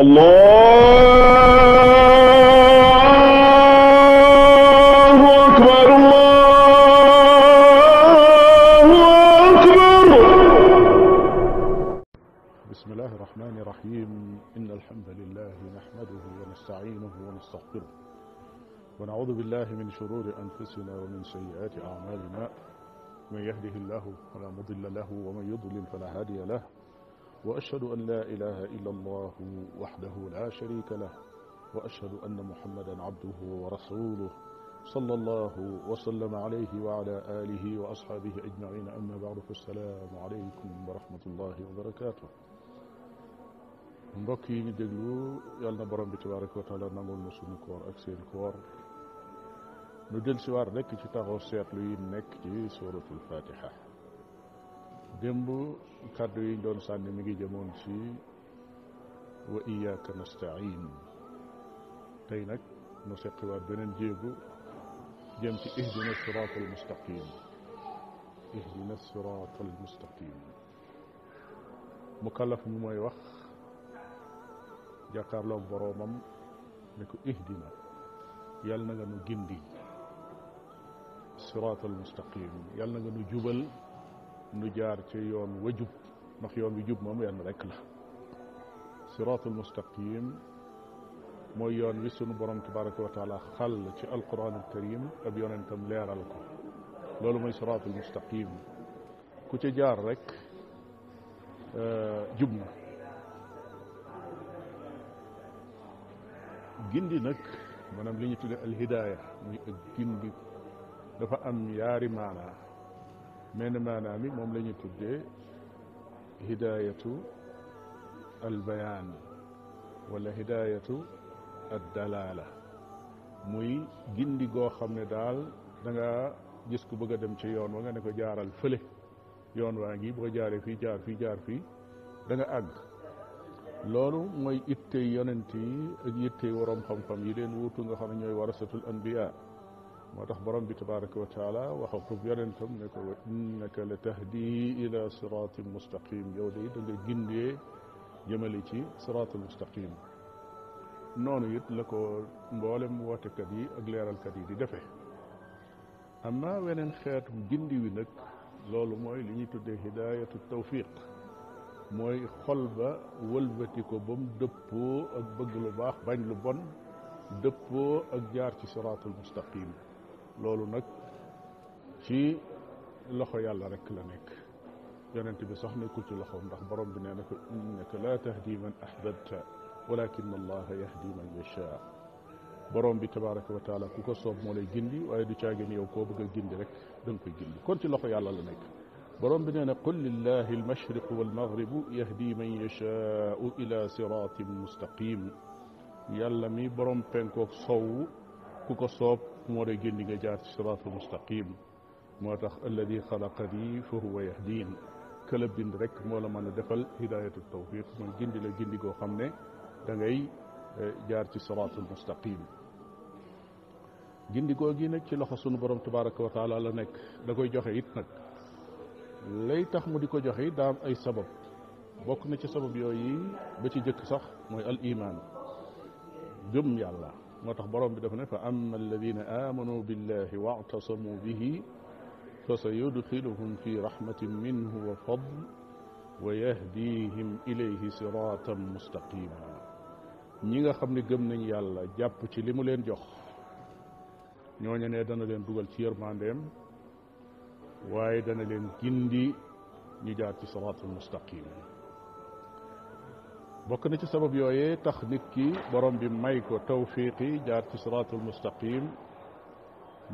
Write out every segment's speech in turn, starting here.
الله أكبر الله أكبر بسم الله الرحمن الرحيم إن الحمد لله نحمده ونستعينه ونستغفره ونعوذ بالله من شرور أنفسنا ومن سيئات أعمالنا من يهده الله فلا مضل له ومن يضلل فلا هادي له وأشهد أن لا إله إلا الله وحده لا شريك له وأشهد أن محمدا عبده ورسوله صلى الله وسلم عليه وعلى آله وأصحابه أجمعين أما بعد فالسلام عليكم ورحمة الله وبركاته مبكي ندلو يالنا déglu بتبارك وتعالى borom نسون tabaraka أكسي الكوار ندل سوار suñu koor ak seen سورة الفاتحة démb kàddu yi ñu doon sànni mi ngi jëmoon ci wa iyyaka nasta'in tey nag nu seqiwaat beneen jéegu jëm ci ihdina siraat al mustaqim ihdina siraat al mustaqim mukallaf mi mooy wax jàkkaarloog boroomam ne ko ihdina yàlla na nga nu gindi siraat al mustaqim yàlla na nga nu jubal نجار تيون وجب مخيون وجب مامو يعني ركلا صراط المستقيم مويون ويسون برام تبارك وتعالى خل في القرآن الكريم أبيون أن تملير لكم لولو مي صراط المستقيم كوتي جار رك آه، جبنا جندي نك منام لي الهدايه جندي دا فا ام ياري معنا menn maanaam yi moom la ñu tuddee hidayatu albayaan wala hidayatu addalaala muy gindi goo xam ne daal danga nga gis ku bëgg a dem ci yoon wa nga ne ko jaaral fële yoon waa ngi boo jaaree fii jaar fi jaar fii danga nga àgg loolu mooy ittey yonent yi ak woroom waroom xam-xam yi leen wuutu nga xam ne ñooy warasatul anbiya moo tax borom bi tabaraka wa taala waxal ko yonentam ne ko wa innaka la tahdi ila siratin mustaqim yow de da nga gindee jëmale ci siratul mustaqim noonu it la ko mboolem wootekat yi ak leeralkat yi di defee amma weneen xeetu gindi wi nag loolu mooy li ñuy tuddee hidayatu tawfiq mooy xol ba wëlbati ko ba mu dëppoo ak bëgg lu baax bañ lu bon dëppoo ak jaar ci siratul mustaqim loolu nag ci loxo yàlla rek la nekk yonent bi sax nekkul ci loxoom ndax borom bi nee na ko innaka laa tahdi man ahbabta walakin allaha yahdi man yasha borom bi tabaraka wa taala ku ko soob moo lay gindi waaye du caagin yow koo bëgg a gindi rek da nga koy gindi kon ci loxo yàlla la nekk borom bi nee na qul lillahi almashriqu walmaghribu yahdi man yashaau ila siratin mustaqim yàlla mi borom penkoog sow ku ko soob moo lay génn nga jaar ci siraatul mustaqim moo tax alladi xalaqani fa huwa yahdin këla bind rek moo la mën a defal hidayatul tawfiq mooy gindi la gindi goo xam ne da ngay jaar ci siraatul mustaqim gindi goo gi nag ci loxo sunu borom tabaraka wa taala la nekk da koy joxe it nag lay tax mu di ko joxe it daam ay sabab bokk na ci sabab yooyu ba ci jëkk sax mooy al iman gëm yàlla متخبرون بدفنه فأما الذين آمنوا بالله واعتصموا به فسيدخلهم في رحمة منه وفضل ويهديهم إليه صراطا مستقيما نيغا خمني قمنا يالا جابو تلمو لين جوخ نيوانيا نيدانا لين دوغل تير ما عندهم وايدانا لين جندي نجاتي صراطا مستقيما بوك نتي سبب يوي تخ نيتكي بروم بي مايكو توفيقي جار في صراط المستقيم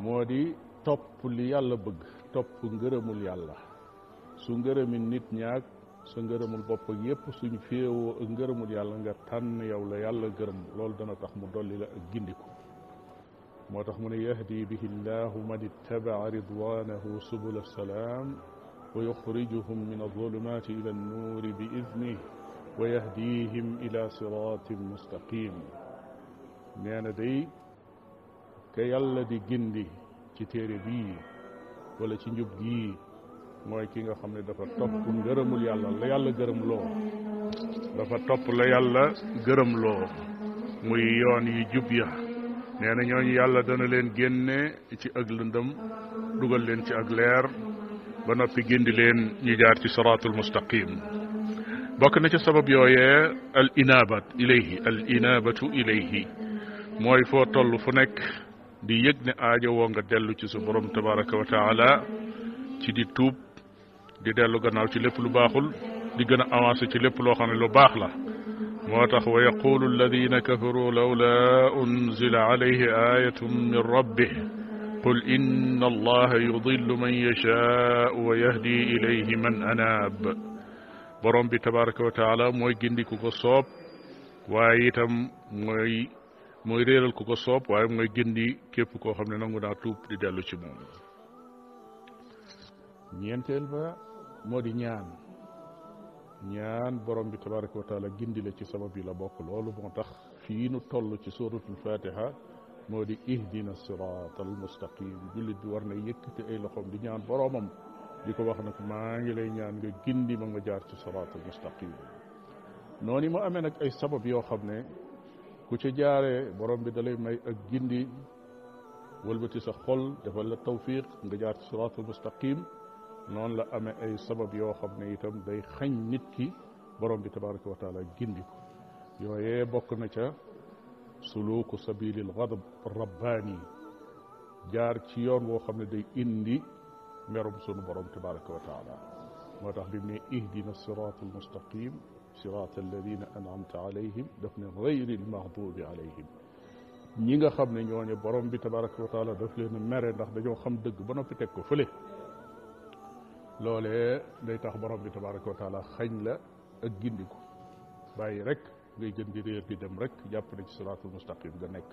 مودي توب لي يالا بغ توب غيرمول يالا سو غيرم نيت نياك سو غيرم البوب ييب سوني فيو غيرمول يالا nga tan yow la yalla gërem lol dana tax mu doli la ak gindiko motax mun yahdi bihi allah man ittaba ridwanahu subul ويخرجهم من الظلمات الى النور باذنه ويهديهم إلى صراط مستقيم نانا دي كي الذي جندي كتيري بي ولا تنجب دي موي كيغا خامني دافا توب كون غرمول يالا لا يالا غرم لو دافا توب لا يالا غرم لو موي يون يا نانا ньо ญ يالا دانا لين генني سي اك لندم دوغال لين سي اك لير با نوبي لين يجارتي جار سي صراط المستقيم نتي سبب يوية الإنابة إليه الإنابة إليه موي فو تولو فنك دي يجن آجا وانغ دلو چي سبرم تبارك وتعالى چي دي توب دي دلو غناو چي لفلو باخل دي غنا آوانسي چي لفلو خاني لو باخلا موتخ ويقول الذين كفروا لولا أنزل عليه آية من ربه قل إن الله يضل من يشاء ويهدي إليه من أناب borom bi tabaraka wa mooy gindi ku ko soob waaye itam mooy mooy réeral ku ko soob waaye mooy gindi képp koo xam ne nangu naa tuub di dellu ci moom ñeenteel ba moo di ñaan ñaan borom bi tabaraka wa gindi la ci sabab yi la bokk loolu moo tax fii nu toll ci suratul fatiha moo di ihdina siraat al mustaqim jullit bi war na yëkkati ay loxoom di ñaan boromam di ko wax nag maa ngi lay ñaan nga gindi ma nga jaar ci siraatul mustaqim noonu mu amee nag ay sabab yoo xam ne ku ci jaaree boroom bi dalay may ak gindi wëlbati sa xol defal la tawfiq nga jaar ci siraatul mustaqim noonu la amee ay sabab yoo xam ne itam day xañ nit ki borom bi tabaraka wa gindi ko yooyee bokk na ca suluku sabilil ghadab rabbaani jaar ci yoon woo xam ne day indi ميرم سونو بروم تبارك وتعالى وتعالى اهدنا الصراط المستقيم صراط الذين انعمت عليهم دفن غير المغضوب عليهم نيغا خامني نيوني بروم بي وتعالى داف لين ميري ناخ دانيو خام دغ با نوبي تيكو فلي لولي داي تاخ وتعالى خاج لا اك غينديكو باي رير دي دم رك المستقيم غا نيك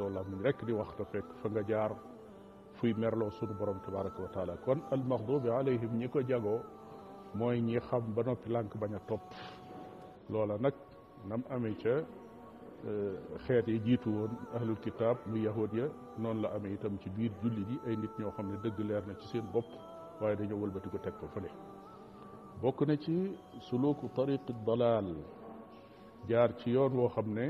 الله من رك وقت فك فغا fuy merloo sunu borom tabaraka wa taala kon almaxdubi alayhim ñi ko jagoo mooy ñi xam ba noppi lànk bañ a topp loola nag nam amee ca e, xeet yi jiitu woon ahlul kitaab mu yahud ya noonu la amee itam ci biir julli yi ay nit ñoo xam ne dëgg leer na ci seen bopp waaye dañoo wëlbati ko teg ko fële bokk na ci suluku tariq dalaal jaar ci yoon woo xam ne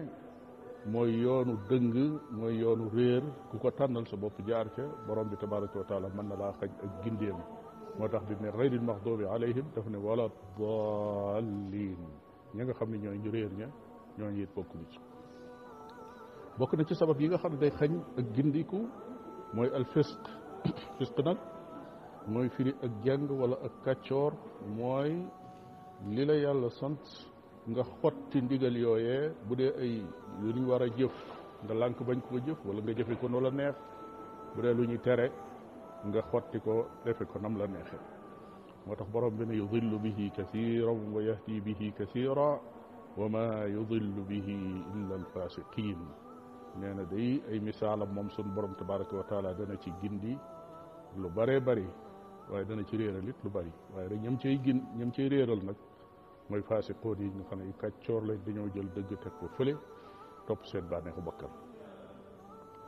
mooy yoonu dëng mooy yoonu réer ku ko tànnal sa bopp jaar ca borom bi tabaraka wa taala mën na laa xaj ak gindeem moo tax bi ne xayril maxdubi alayhim daf ne wala dallin ña nga xam ne ñooy ñu réer ña ñooñu it bokk ci bokk na ci sabab yi nga xam ne day xañ ak gindiku mooy al fisq fisq nag mooy firi ak jàng wala ak kàccoor mooy li la yàlla sant nga xotti ndigal yooyee bu dee ay lu ñu war a jëf nga lànk bañ ko jëf wala nga jëfe ko noo la neex bu dee lu ñu tere nga xotti ko defe ko nam la neexe moo tax borom bi ne yudillu bihi kasiran wa yahdi bihi kasira wa ma yudillu bihi illa alfasiqin nee na day ay misaalam moom sun borom tabaraka wa taala dana ci gindi lu bare bari waaye dana ci réeral it lu bari waaye rek ñam cay gin ñam cay réeral nag moy fasé code yi ñu xamné ne yu kàccoor lay dañoo jël dëgg tek ko fële top set seen bànneexu bakkan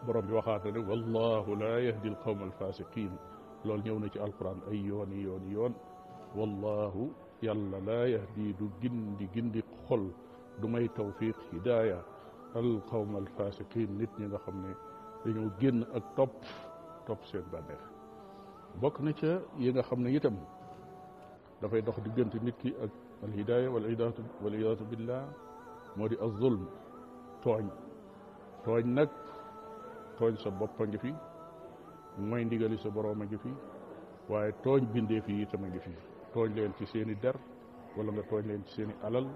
borom bi waxaat na ne wallahu la yahdi alqawm alfasiqin lol ñëw na ci alquran ay yoon yoon yoon wallahu yàlla la yahdi du gindi gindi xol du may tawfiq hidaya alqawm alfasiqin nit ñi nga xamné ne dañoo génn ak top topp seen bànneex bok na ci yi nga xamné ne da fay dox diggante nit ki ak الهداية والعياذ بالله مودي الظلم توين توين نك توين سبب بانج في موين ديغالي سبرو مانج في واي توين بيندي في تمانج في توين لين تي سيني در ولا نغا توين لين تي سيني علل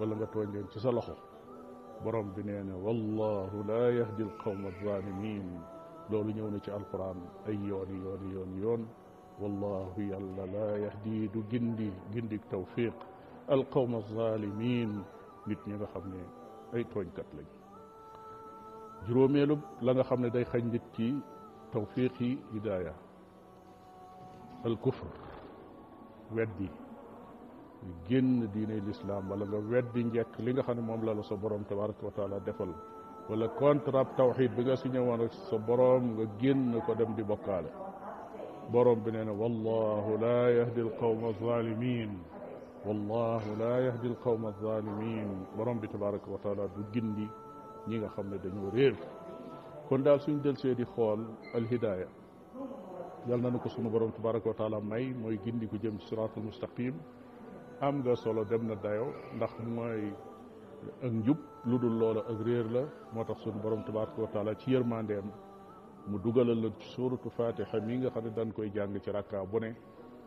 ولا نغا توين لين تي سالوخو بروم بي نينا والله لا يهدي القوم الظالمين لولو نيو ني القران اي يون يون يون والله يلا لا يهدي دو جندي جندي توفيق القوم الظالمين نيت ني خامني اي توج كات لا جروميلو لاغا خامني داي خاج نيت كي توفيقي هدايه الكفر ودي ген دين الاسلام ولا ودي نيك ليغا خاني موم لا لا سو بروم تبارك وتعالى ديفال ولا كونتر اب توحيد بيغا سي نيوان سو بروم غا ген كو ديم دي بوكال بروم بنينا والله لا يهدي القوم الظالمين والله لا يهدي القوم الظالمين برم تبارك وتعالى دو جندي نيغا خامل دانيو ريل كون دال سون دل سيدي خول الهداية يالنا نكو سونو برم تبارك وتعالى ماي موي جندي كو جيم صراط المستقيم ام غا سولو دمنا دايو ناخ موي ان جوب لودو لولا اك ريل لا موتاخ سونو برم تبارك وتعالى تي يرماندم مو دوغالال لا سورة الفاتحة ميغا خاني دان كوي جانغ تي راكا بو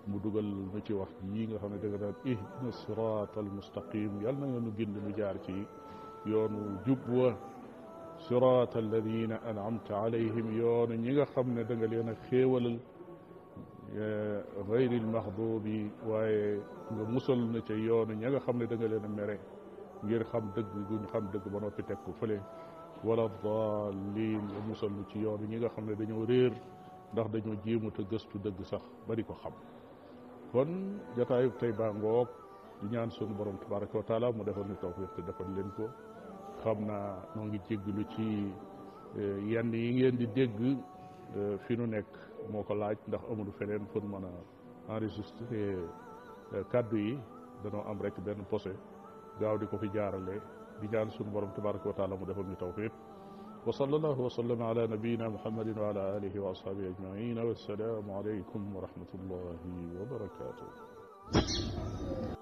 mu dugal nu ci wax yi nga xam ne dëgg naan ihdina siraat almustaqim yal na nga nu gind nu jaar ci yoonu jub wa siraat alladina anamta alayhim yoonu ñi nga xam ne da nga leen a xéewalal غير المغضوب waaye nga musal na ca yoonu ña nga xam ne da nga leen a mere ngir xam dëgg guñ xam dëgg ba noppi teg ko fële wala daalin nga musal na ci yoonu ñi nga xam ne dañoo réer ndax dañoo jéemut a gëstu dëgg sax bari ko xam kon jotaayu tey baa ngoog di ñaan sunu borom tabaraka wa taala mu defoon ñu tawfiq te defoon leen ko xam naa noo ngi jégglu ci e, yenn yi ngeen di dégg e, fi nu nekk moo ko laaj ndax amul feneen fu nu mën a enregistré e, kàddu yi danoo am rek benn posé gaaw di ko fi jaarale di ñaan sunu borom tabaraka wa taala mu defoon ñu tawfiq وصلى الله وسلم على نبينا محمد وعلى آله وأصحابه أجمعين والسلام عليكم ورحمة الله وبركاته